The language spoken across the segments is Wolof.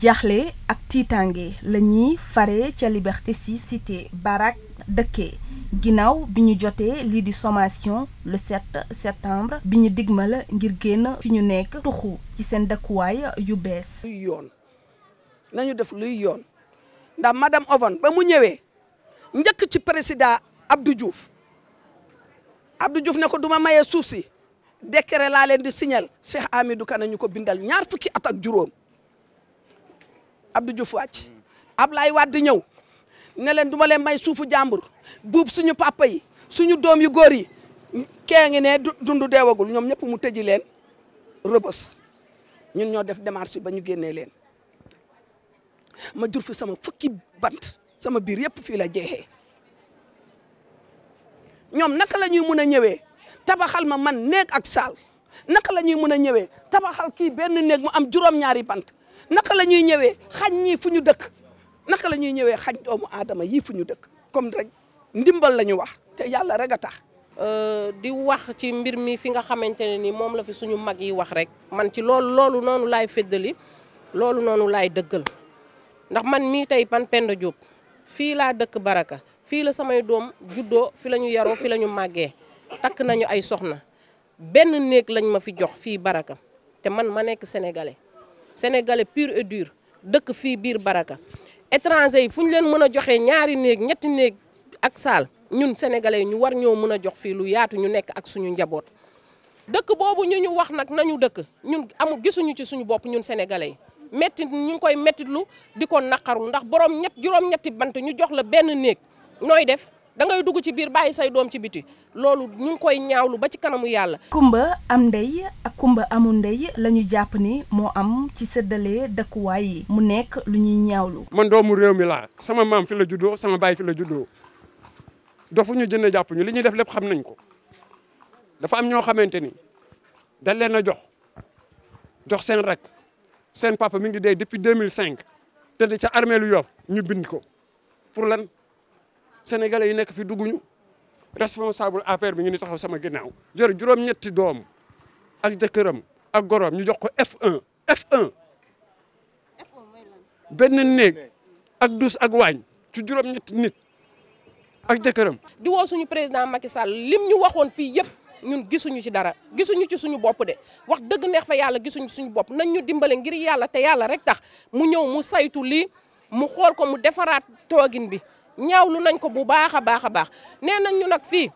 jaxle ak tiitaange lañuy fare ca Liberté 6 cité Barak dëkkee ginnaaw bi ñu jotee lii di sommation le 7 septembre bi ñu digmal ngir génn fi ñu nekk tuxu ci seen dëkkuwaay yu bees. luy yoon nañu def luy yoon ndax madame Ovon ba mu ñëwee njëkk ci président Abdou Diouf Abdou Diouf ne ko duma mayee suuf si décret laa leen di signal Cheikh Amidou Kane ñu ko bindal ñaar fukki at juróom Abdou Diouf wàcc Ablaye Wade ñëw ne leen du ma leen may suufu jàmbur buub suñu papa suñu doom yu góor yi kee ngi ne dundu deewagul ñoom ñëpp mu tëji leen rëbës ñun ñoo def démarche ba ñu génnee leen ma jur fi sama fukki bant sama biir yëpp fii la jeexee ñoom naka lañuy ñuy mun a ñëwee tabaxal ma man néeg ak saal naka la ñuy mun a ñëwee tabaxal kii benn néeg mu am juróom-ñaari bant naka la ñuy ñëwee xañ ñii fu ñu dëkk naka la ñuy ñëwee xañ doomu aadama yii fu ñu dëkk comme rek ndimbal la ñu wax te yàlla rek a tax. Euh, di wax ci mbir mi fi nga xamante ne nii moom la fi suñu mag yi wax rek man ci loolu loolu noonu laay feddali loolu noonu laay dëggal ndax man mii tey man Penda Diop fii laa dëkk Baraka fii la samay doom juddoo fi la ñu yaroo fi la ñu màggee. takk nañu ay soxna benn néeg lañ ma fi jox fii baraka te man ma nekk sénégalais sénégalais pur et dur dëkk fii biir baraka étranger yi fu ñu leen mën a joxee ñaari néeg ñetti néeg ak saal ñun sénégalais ñu war ñoo mën a jox fii lu yaatu ñu nekk ak suñu njaboot dëkk boobu ñu ñu wax nag nañu dëkk ñun amu gisuñu ci suñu bopp ñun sénégalais yi métti ñu ngi koy méttitlu di ko naqaru ndax borom ñett juróom-ñetti bant ñu jox la benn néeg nooy def da ngay dugg ci biir bàyyi say doom ci biti loolu ñu koy ñaawlu ba ci kanamu yàlla. kumba am ndey ak kumba amul ndey la jàpp ni moo am ci séddale dëkkuwaay yi. mu nekk lu ñuy ñaawlu. man doomu réew mi laa sama maam fi la juddoo sama baay fi la juddoo dofu ñu jënd jàpp ñu li ñuy def lépp xam nañ ko dafa am ñoo xamante ni dañ leen a jox jox seen rak seen papa mi ngi dee depuis cinq te ca armée lu Yoff ñu bind ko pour lan. sénégalais yi nekk fi dugguñu responsable APR bi ñu ni taxaw sama ginnaaw jërë juróom-ñetti doom ak jëkkëram ak goroom ñu jox ko benn néeg ak dus ak waañ ci juróom-ñetti nit ak jëkkëram di woo suñu président Macky Sall lim ñu waxoon fii yëpp ñun gisuñu ci dara gisuñu ci suñu bopp de wax dëgg neex fa yàlla gisuñu ci suñu bopp nañ ñu dimbale ngir yàlla te yàlla rek tax mu ñëw mu saytu lii mu xool ko mu defaraat toogin bi ñaawlu nañ ko bu baax a baax a baax nee nañ ñu nag fii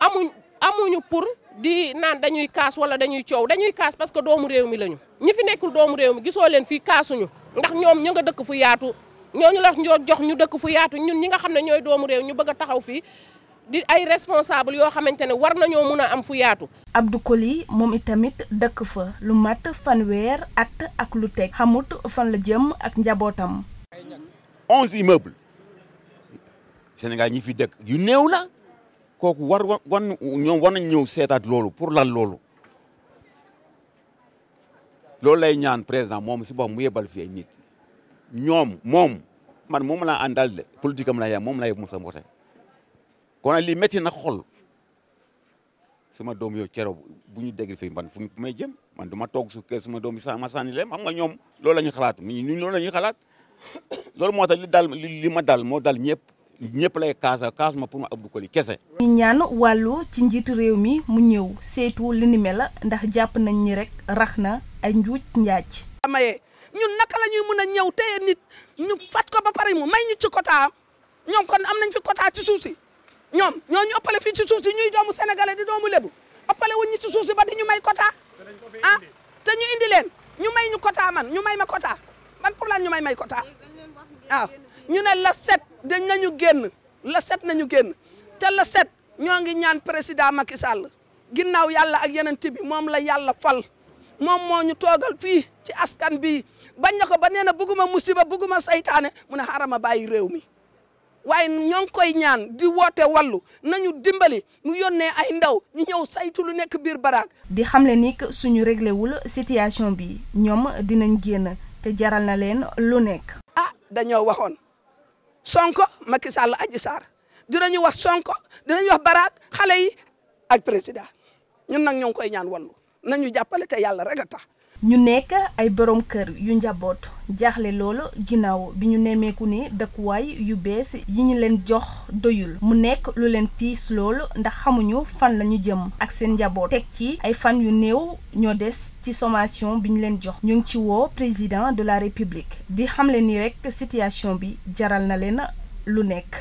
amuñ amuñu pour di naan dañuy kaas wala dañuy coow dañuy kaas parce que doomu réew mi lañu ñi fi nekkul doomu réew mi gisoo leen fii kaasuñu ndax ñoom ñu nga dëkk fu yaatu ñooñu la ñoo jox ñu dëkk fu yaatu ñun ñi nga xam ne ñooy doomu réew ñu bëgg a taxaw fii di ay responsable yoo xamante ne war nañoo mun a am fu yaatu. Abdou Koli moom itamit dëkk fa lu mat fanweer at ak lu teg xamut fan la jëm ak njabootam. onze Sénégal ñi fi dëkk yu néew la kooku war wan ñoom war na ñëw seetaat loolu pour lan loolu loolu lay ñaan président moom si boppam mu yebal fi ay nit ñoom moom man moom laa àndal de politique am la yem moom la mos a mbote kon nag lii métti na xol suma doom yow cero bu ñu dégg fii man fu may jëm man du ma toog su kër ma doom bi sax ma sànni leen xam nga ñoom loolu la ñu xalaat ñun loolu la loolu moo ta li dal li ma dal moo dal ñëpp. ñëpp lay kaasa kaas ma pour ma Abdou Coly kese. ñu ñaan wàllu ci njiitu réew mi mu ñëw seetu li ni mel ndax jàpp nañ ñi rek rax na ay njuuj njaaj. maye ñun naka la ñuy a ñëw téye nit ñu fat ko ba pare mu may ñu ci quota ñoom kon am nañ fi quota ci suuf si ñoom ñoo ñu ëppale fii ci suuf si ñuy doomu sénégalais di doomu lébu ëppale wuñ ñu ci suuf ba di ñu may quota ah te ñu indi ñu may ñu quota man ñu may ma quota man pour lan ñu may may quota ah, dañ nañu génn la set nañu génn te la set ñoo ngi ñaan président Macky Sall ginnaaw yàlla ak yeneen bi moom la yàlla fal moom moo ñu toogal fii ci askan bi bañ na ko ba nee na bugguma musiba bugguma saytaane mu ne xarama bàyyi réew mi waaye ñoo ngi koy ñaan di woote wallu nañu dimbali mu yónnee ay ndaw ñu ñëw saytu lu nekk biir baraag di xamle ni suñu réglé wul situation bi ñoom dinañ génn te jaral na leen lu nekk. ah dañoo waxoon. Sonko Macky Sall Adji dina ñu wax Sonko dinañu wax Barack xale yi ak président ñun nag ñoo ngi koy ñaan wallu nañu jàppale te yàlla rek a tax ñu nekk ay borom kër yu njaboot jaaxle loolu ginnaaw bi ñu nemmeeku ni dëkkuwaay yu bees yi ñu leen jox doyul mu nekk lu leen tiis loolu ndax xamuñu fan la ñu jëm ak seen njaboot teg ci ay fan yu néew ñoo des ci sommation bi ñu leen jox ñu ngi ci woo président de la république di xamle ni rekk situation bi jaral na leen lu nekk.